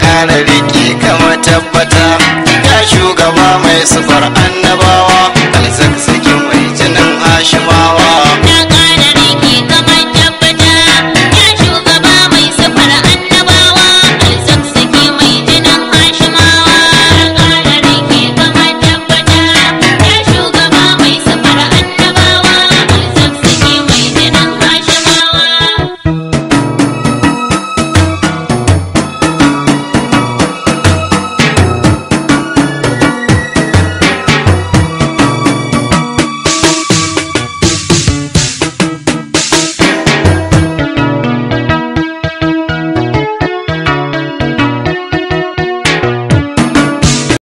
ƙara riƙe